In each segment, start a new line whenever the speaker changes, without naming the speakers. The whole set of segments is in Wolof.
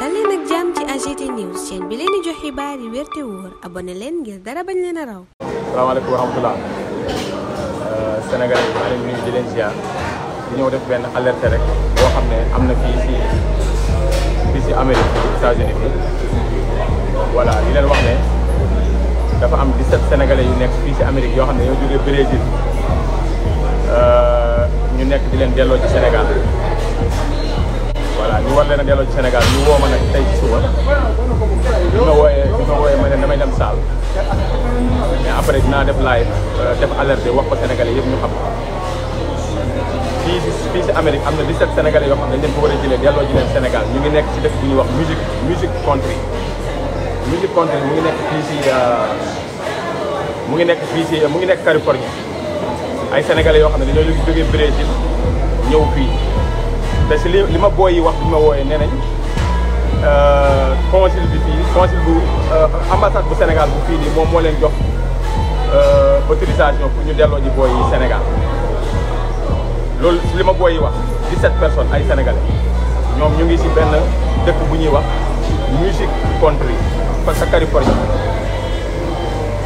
dal leen ak jàmm ci AGT news chaîne bi leen di jox xibaar yi wér te wóor abonné leen ngir dara bañ leen a raw. salaamaaleykum wa rahmatulah euh, Sénégal maa ngi nuyu di leen ziar di ñëw def benn alerte rek boo xam ne am na fii si fii si Amérique États-Unis bi voilà di leen wax ne dafa am 17 sénégalais yu nekk fii si Amérique yoo xam ne ñoo jógee Brésil euh, ñu nekk di leen delloo ci Sénégal. waa ñu war a delloo ci Sénégal ñu woo ma nag tey ci suba bi ma wooyee bi ma wooyee ma damay dem Saal mais après naa def live euh, def alerte wax ko Sénégalais yëpp ñu xam fii si fii si Amérique am na 17 Sénégalais yoo xam ne dañ leen ko war a jëlee delloo ji leen Sénégal ñu ngi nekk ci def bu ñuy wax musique musique country musique country mu ngi nekk fii si euh, mu ngi nekk fii si mu ngi nekk Californie ay Sénégalais yoo xam ne dañoo jógee Brésil ñëw fii parce si li li ma booy yi wax bi ma wooyee nee nañ euh, consul bi fii consul bu euh, bu Sénégal bu fii nii moom moo leen jox euh, autorisation pour ñu delloo ji booy yi Sénégal loolu li ma booy yi wax 17 personnes ay sénégalais ñoom ñu ngi si benn dëkk bu ñuy wax music country parce que Californie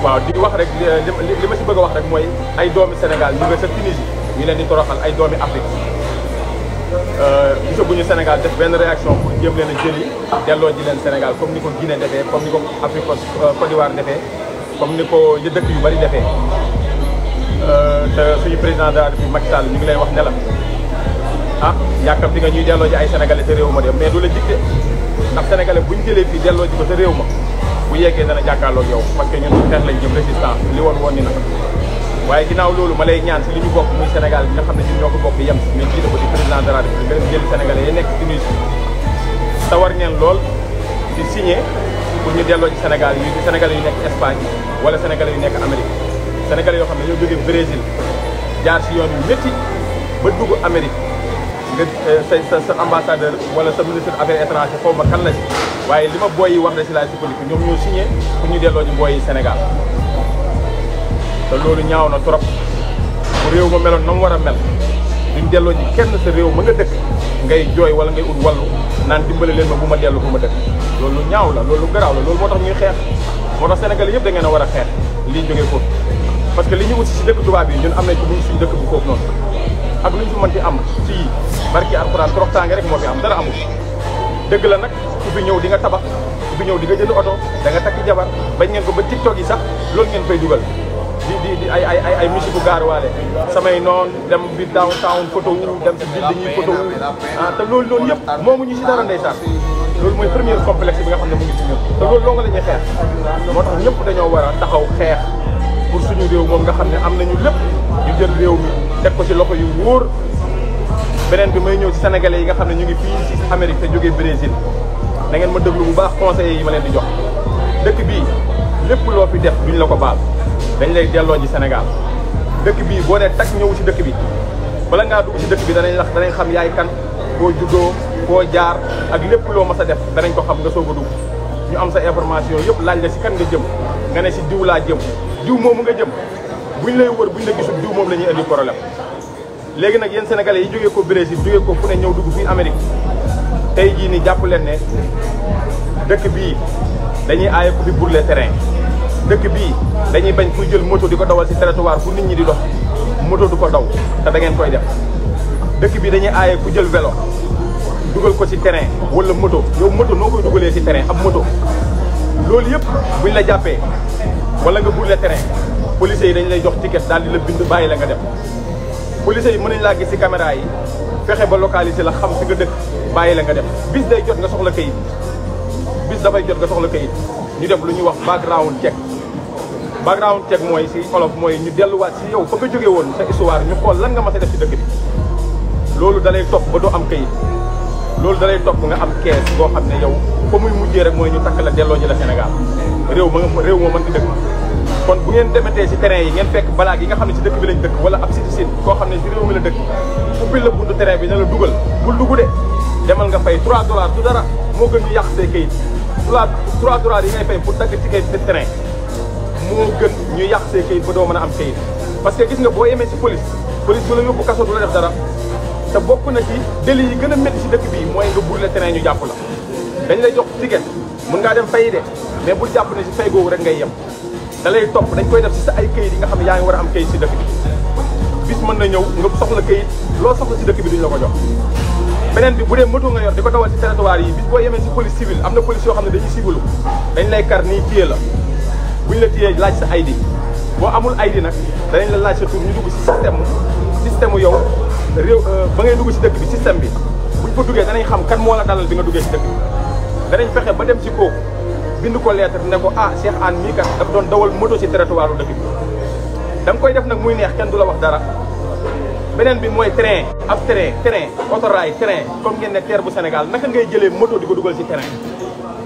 waaw di wax rek li ma si bëgg wax rek mooy ay doomi Sénégal ñu nga sa Tunisie ñu leen di toroxal ay doomi Afrique bu euh, ñu Sénégal def benn réaction pour jéem leen a jëli delloo ji leen Sénégal comme ni ko Guinée defee comme ni ko Afrique Côte euh, d'Ivoire defee comme ni ko yë dëkk yu bari defee euh, te suñu président de la République Macky ñu ngi lay wax ne la ah yàkkam di nga ñuy delloo ji ay sénégalais te réew ma dem mais du la dicté ndax sénégalais buñ jëlee fii delloo ji ko te réew ma bu yeggee na jàkkaarloo yow parce que ñun xeex lañ jëm résistance li woon woon ni nag waaye ginnaaw loolu ma lay ñaan si li ñu bokk muy Sénégal bi xam ne ñun ñoo ko bokk yem si mais jiite ko di président de la République ngeen jël sénégalais yi sawar ngeen lool di ñu delloo ci Sénégal yi di sénégalais yu nekk Espagne wala sénégalais yu nekk Amérique sénégalais yoo xam ne ñoo jógee Brésil jaar si yoon yu métti ba dugg Amérique nga euh, sa sa ambassadeur wala sa ministre affaires étrangères xaw ma kan la si waaye li ma booy yi wax na si laay sukkandiku ñoom ñoo signé pour ñu delloo ñu booy yi Sénégal te loolu ñaaw na trop bu réew ma meloon na war a mel duñ delloo ji kenn sa réew ma nga dëkk ngay jooy wala ngay ut wallu naan dimbale leen ma bu ma dellu bu ma dëkk loolu ñaaw la loolu garaaw la loolu moo tax ñuy xeex moo tax Sénégal yëpp da ngeen war a xeex lii jóge foofu parce que li ñu wut si dëkk tubaab yi ñun am nañ ci buñ suñ dëkk bu foofu noonu ak luñ fi mën ci am ci barki alxuraan toroxtaange rek moo fi am dana amul dëgg la nag ku fi ñëw di nga tabax ku fi ñëw di nga jënd da nga takk jabar bañ ngeen ko ba tiktok yi sax loolu ngeen fay dugal di di di ay ay ay musique bu gaaruwaale samay noon dem biir downtown photo wu dem si ville dañuy photo ah, te loolu loolu yëpp moomu ñu si dara ndeysaan loolu mooy premier complexe bi nga xam ne mu ngi si ñun te loolu loo nga la ñuy moo tax ñëpp dañoo war a taxaw xeex suñu réew moom nga xam ne am nañu lépp ñu jël réew mi teg ko si loxo yu wóor beneen bi may ñëw ci sénégalais yi nga xam ne ñu ngi fii ci Amérique te jógee Brésil da ngeen ma déglu bu baax conseillers yi ma leen di jox dëkk bii lépp loo fi def duñ ko baal dañu lay delloo ji Sénégal dëkk bii boo nee tak ñëw si dëkk bi bala ngaa dugg si dëkk bi danañ la danañ xam yaay kan koo juddoo koo jaar ak lépp loo mas a def danañ ko xam nga soog a dugg ñu am sa information yëpp laaj la si kan nga jëm nga ne ci diw laa jëm diw moomu nga jëm buñ lay wër ñu la gisul diw moom la ñuy indi problème léegi nag yéen sénégalais yi jógee ko Brésil jógee ko fu ne ñëw dugg fii Amérique tey jii ni jàpp leen ne dëkk dañuy aaye ku fi brûler terrain dëkk bii dañuy bañ ku jël moto di ko dawal ci trottoir fu nit ñi di dox moto du ko daw te da ngeen koy def dëkk bi dañuy aaye ku jël vélo dugal ko si terrain wala moto yow moto noo koy dugalee si terrain ab moto loolu yëpp buñ la jàppee wala nga buñ la terrain police yi dañ lay jox ticket daal di la bind bàyyi la nga dem police yi mën nañ laa gis ci caméra yi fexe ba localiser la xam fi nga dëkk bàyyi la nga dem bis day jot nga soxla kayit bis dafay jot nga soxla kayit ñu def lu ñuy wax background check background check mooy si olof mooy ñu delluwaat si yow fa nga jóge woon sa histoire ñu xool lan nga mas a def si dëkk bi loolu dalay topp ba doo am kayit loolu dalay topp nga am kees koo xam ne yow fa muy mujjee rek mooy ñu takk la delloo ñi la Sénégal réew ma nga réew moo mën dëkk kon bu ngeen demetee si terrain yi ngeen fekk balaag yi nga xam ne si dëkk bi lañ dëkk wala ab citizen koo xam ne si réew mi la dëkk ubbil la buntu terrain bi na la dugal bul dugg de demal moo gën ñu yàq say kayit 3 dollars yi ngay fay pour dagg ci kayit terrain moo gën ñu yàq see kayit ba doo mën a am kayit parce que gis nga boo yemee si police police bu la yóbbu kaso du la def dara te bokk na ci délit yi gën a métti ci dëkk bii mooy nga burle terrain ñu jàpp la dañ lay jox ticket mën ngaa dem fayi de mais bul jàpp ne ci fay googu rek ngay yem da lay topp dañ koy def ci sa ay kayit yi nga xam ne yaa ngi war a am kayit ci dëkk bi bis mën na ñëw nga soxla kayit loo soxla ci dëkk bi duñ la ko jox beneen bi na police yoo xam ne dañuy la bu ñu la tiyee laaj sa ID boo amul ID nag danañ la laaj sa tur ñu dugg si système système yow réew euh, ba ngay dugg si dëkk bi système bi buñ ko duggee danañ xam kan moo la dalal bi nga duggee si dëkk bi danañ fexe ba dem si kooku bind ko lettre ne ko ah Cheikh Anne mii kat daf doon dawal moto si territoire dëkk bi da koy def nag muy neex kenn du la wax dara beneen bi mooy train ab train train autorail train comme ngeen ne bu Sénégal naka ngay jëlee moto di ko dugal si train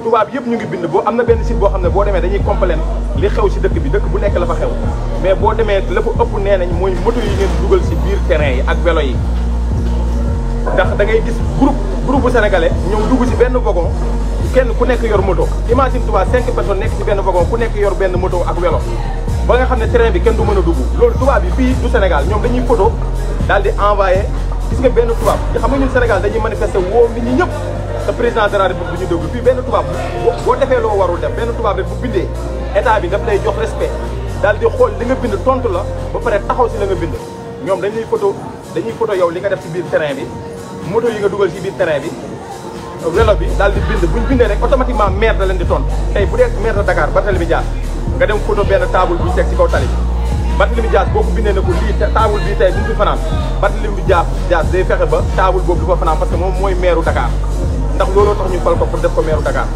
tubaab yëpp ñu ngi bind boo na benn site boo xam ne boo demee dañuy complain li xew si dëkk bi dëkk bu nekk la fa xew mais boo demee la fa ëpp nee nañ mooy moto yi ngeen dugal si biir terrain yi ak vélo yi ndax da ngay gis groupe groupe bu sénégalais ñëw dugg si benn wagon kenn ku nekk yor moto imagine Touba cinq personnes nekk ci benn wagon ku nekk yor benn moto ak vélo ba nga xam ne terrain bi kenn du mën a dugg loolu tubaab bi fii du Sénégal ñoom dañuy photo daal di envoyé gis nga benn tubaab xam nga ñun Sénégal dañuy manifester woo nit ñëpp te président de la république bu ñu déglu fii benn tubaab boo defee loo warul def benn tubaab rek bu bindee état bi daf lay jox respect daal di xool li nga bind tontu la ba pare taxaw si la nga bind ñoom dañ lay photo dañuy photo yow li nga def si biir terrain bi moto yi nga dugal si biir terrain bi vélo bi daal di bind bu ñu bindee rek automatiquement maire da leen di tontu tey bu dee maire de Dakar Barthélémy Dias nga dem photo benn table bu teg si kaw bi ne ko lii table bii tey bu ñu fi fanaan Barthélémy Dias Dias fexe ba table boobu du fa fanaan que moom mooy maire Dakar ndax looloo tax ñu fal ko pour def ko meeru Dakar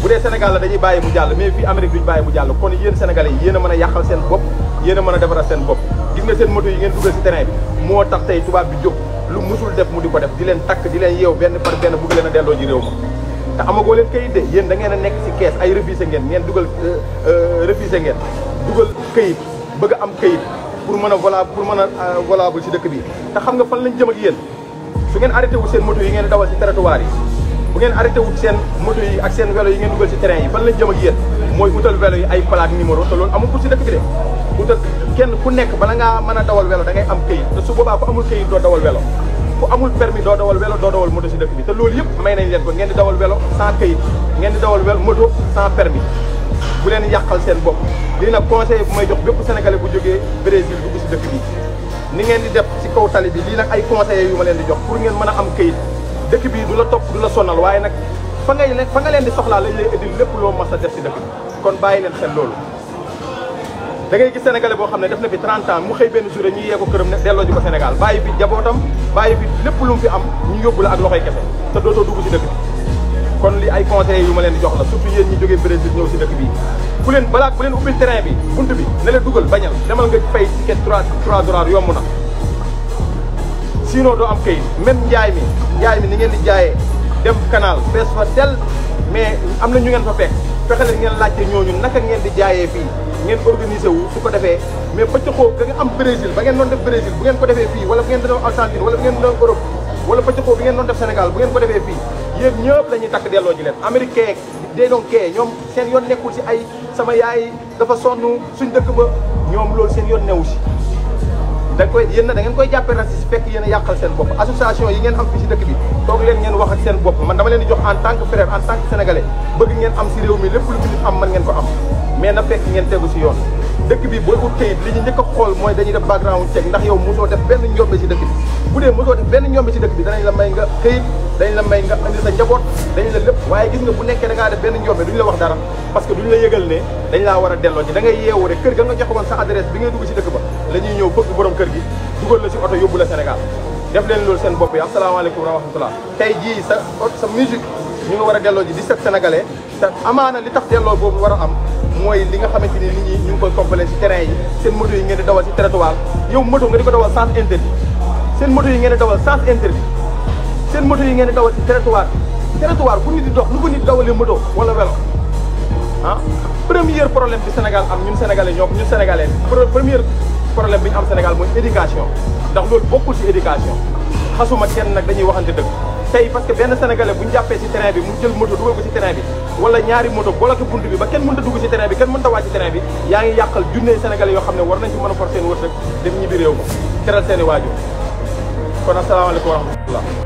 bu dee Sénégal la dañuy bàyyi mu jàll mais fii Amérique duñ bàyyi mu jàll kon yéen Sénégalais yi yéen a mën a yàqal seen bopp yéen a mën a defaral seen bopp gis nga seen moto yi ngeen dugal si tey tubaab bi jóg lu musul mu di ko def di leen takk di leen yeew benn par benn bëgg leen a delloo ji réew leen kayit de yéen da ngeen a nekk si kees ay refusé ngeen ngeen dugal euh, euh, refusé ngeen dugal kayit bëgg am kayit pour mën a valable pour mën a euh, valable ci dëkk bi te xam nga fan lañ jëm ak yéen su ngeen arrêté wu seen moto yi ngeen dawal ci si territoire yi bu ngeen arrêté wut seen moto yi ak seen vélo yi ngeen dugal ci terrain yi fan lañ jëm ak yéen mooy utal vélo yi ay plaque numéro te loolu amul pour si dëkk bi de utal kenn ku nekk bala ngaa mën a dawal welo da ngay am këyit te su boobaa ku amul këyit doo dawal vélo ku amul permis doo dawal vélo doo dawal moto si dëkk bi te loolu yëpp may nañ leen ko ngeen di dawal vélo sans këyit ngeen di dawal vélo moto sans permis bu leen yàqal seen bopp lii nag conseil bu may jox bépp sénégalais bu jógee Brésil dugg si dëkk bi ngeen di def si kaw tali bi lii nag ay conseillers yu ma leen di jox pour ngeen mën a am këyit dëkk bi du la topp du la sonal waaye nag fa ngay leen fa nga leen di soxlaa lañ lay lépp loo mas a def si dëkk bi kon boo xam ne def na fi 30 ans mu xëy benn jour ñu yee ko këram ne delloo ji ko lu mu fi am ñu yóbbu la ak loxoy kese te dootoo dugg si dëkk li ay conseils yu ma ñu jógee Brésil ñëw si dëkk bi ku leen balaa ku leen ubbil terrain bi bunt bi ne la dugal bañal demal nga fay ticket 3 3 yomb na sinon doo am kayit même njaay mi njaay mi ni ngeen di jaayee dem canal fees fa tel mais am na ñu ngeen fa fekk fexe leen ngeen laajte ñooñu naka ngeen di jaayee fii ngeen organisé wu su ko defee mais ba ca xoo ga am Brésil ba ngeen doon def Brésil bu ngeen ko defee fii wala bu ngeen doon Argentine wala bu ngeen doon Europe wala ba ca xoo bi ngeen doon def Sénégal bu ngeen ko defee fii yéen ñëpp la ñuy takk delloo ji leen américain day doon kee ñoom seen yoon nekkul si ay sama yaay dafa sonn suñ dëkk ba ñoom loolu seen yoon newu si da koy yéen na da ngeen koy jàppee raciste fekk yéen a yàqal seen bopp association yi ngeen am fii si dëkk bi toog leen ngeen wax seen bopp man dama leen di jox en tant que frère en tant que sénégalais bëgg ngeen am si réew mi lépp lu fi am mën ngeen ko am mais na fekk ngeen tegu si yoon dëkk bi booy ut kayit li ñu njëkk xool mooy dañuy def background check ndax yow mosoo def benn njombe ci dëkk bi bu dee mosoo def benn njombe ci dëkk bi danañ la may nga kayit dañ la may nga andi sa njaboot dañ la lépp waaye gis nga bu nekkee da ngaa def benn njombe duñ la wax dara parce que duñ la yëgal ne dañ laa war a delloo ci da ngay yeewu rek kër ga nga joxe woon sa adresse bi ngay dugg ci dëkk ba la ñëw bëgg borom kër gi dugal la ci oto ñu nga war a delloo ji di set sénégalais te amaana li tax delloo boobu war a am mooy li nga xamante ni nit ñi ñu ngi koy complété ci terrain yi seen moto yi ngeen di dawal ci trottoir yow moto nga di ko dawal sens interdit seen moto yi ngeen di dawal sens interdit seen moto yi ngeen di dawal ci trottoir trottoir bu nit di dox lu ko nit dawalee moto wala vélo ah premier problème bi Sénégal am ñun sénégalais ñoo ñun sénégalais premier problème bi am Sénégal mooy éducation ndax loolu bokkul si éducation xasuma kenn nag dañuy waxante dëgg tey parce que benn sénégalais bu ñu jàppee ci terrain bi mu jël moto dugal ko ci terrain bi wala ñaari moto bloqué bunt bi ba kenn mënta dugg ci terrain bi kenn mënta wàcc ci terrain bi yaa ngi yàqal junne sénégalais yoo xam ne war nañ ci mën a for seen wërsëg dem ñibbi réew ma teral seen waajur kon asalaamaaleykum wa rahmatullah